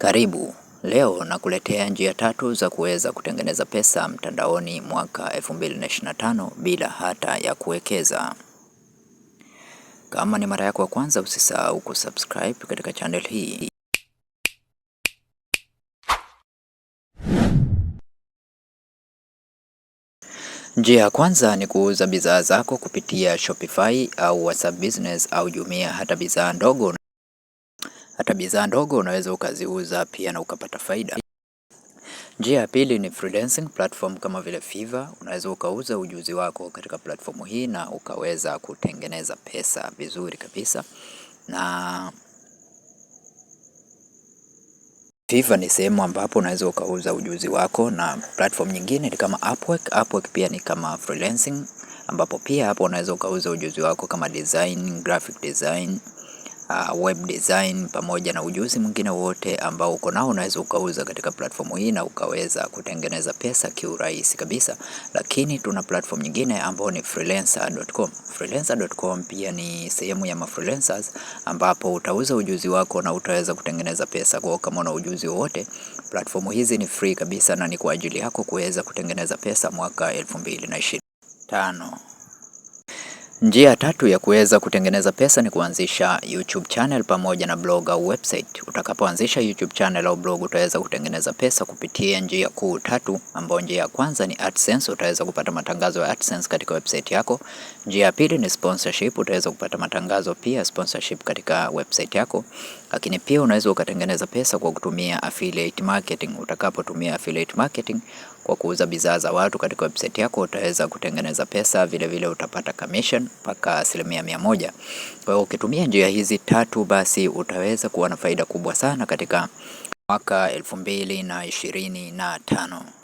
Karibu, leo nakuletea njia tatu za kuweza kutengeneza pesa mtandaoni mwaka 2025 bila hata ya kuwekeza. Kama ni mara yako ya kwanza, usisahau kusubscribe katika channel hii. Njia ya kwanza ni kuuza bidhaa zako kupitia Shopify au WhatsApp Business au Jumia, hata bidhaa ndogo hata bidhaa ndogo unaweza ukaziuza pia na ukapata faida. Njia ya pili ni freelancing platform kama vile Fiverr. Unaweza ukauza ujuzi wako katika platform hii na ukaweza kutengeneza pesa vizuri kabisa. Na Fiverr ni sehemu ambapo unaweza ukauza ujuzi wako, na platform nyingine ni kama Upwork. Upwork pia ni kama freelancing ambapo pia hapo unaweza ukauza ujuzi wako kama design, graphic design uh, web design pamoja na ujuzi mwingine wote ambao uko nao unaweza ukauza katika platform hii na ukaweza kutengeneza pesa kiurahisi kabisa. Lakini tuna platform nyingine ambayo ni freelancer.com. Freelancer.com pia ni sehemu ya mafreelancers ambapo utauza ujuzi wako na utaweza kutengeneza pesa kwa kama una ujuzi wowote. Platform hizi ni free kabisa na ni kwa ajili yako kuweza kutengeneza pesa mwaka 2025. Njia tatu ya kuweza kutengeneza pesa ni kuanzisha YouTube channel pamoja na blog au website. Utakapoanzisha YouTube channel au blog, utaweza kutengeneza pesa kupitia njia kuu tatu, ambapo njia ya kwanza ni AdSense. Utaweza kupata matangazo ya AdSense katika website yako. Njia ya pili ni sponsorship. Utaweza kupata matangazo pia sponsorship katika website yako, lakini pia unaweza ukatengeneza pesa kwa kutumia affiliate marketing. Utakapotumia affiliate marketing kwa kuuza bidhaa za watu katika website yako, utaweza kutengeneza pesa. Vilevile vile utapata commission mpaka asilimia mia moja. Kwa hiyo ukitumia njia hizi tatu, basi utaweza kuwa na faida kubwa sana katika mwaka elfu mbili na ishirini na tano.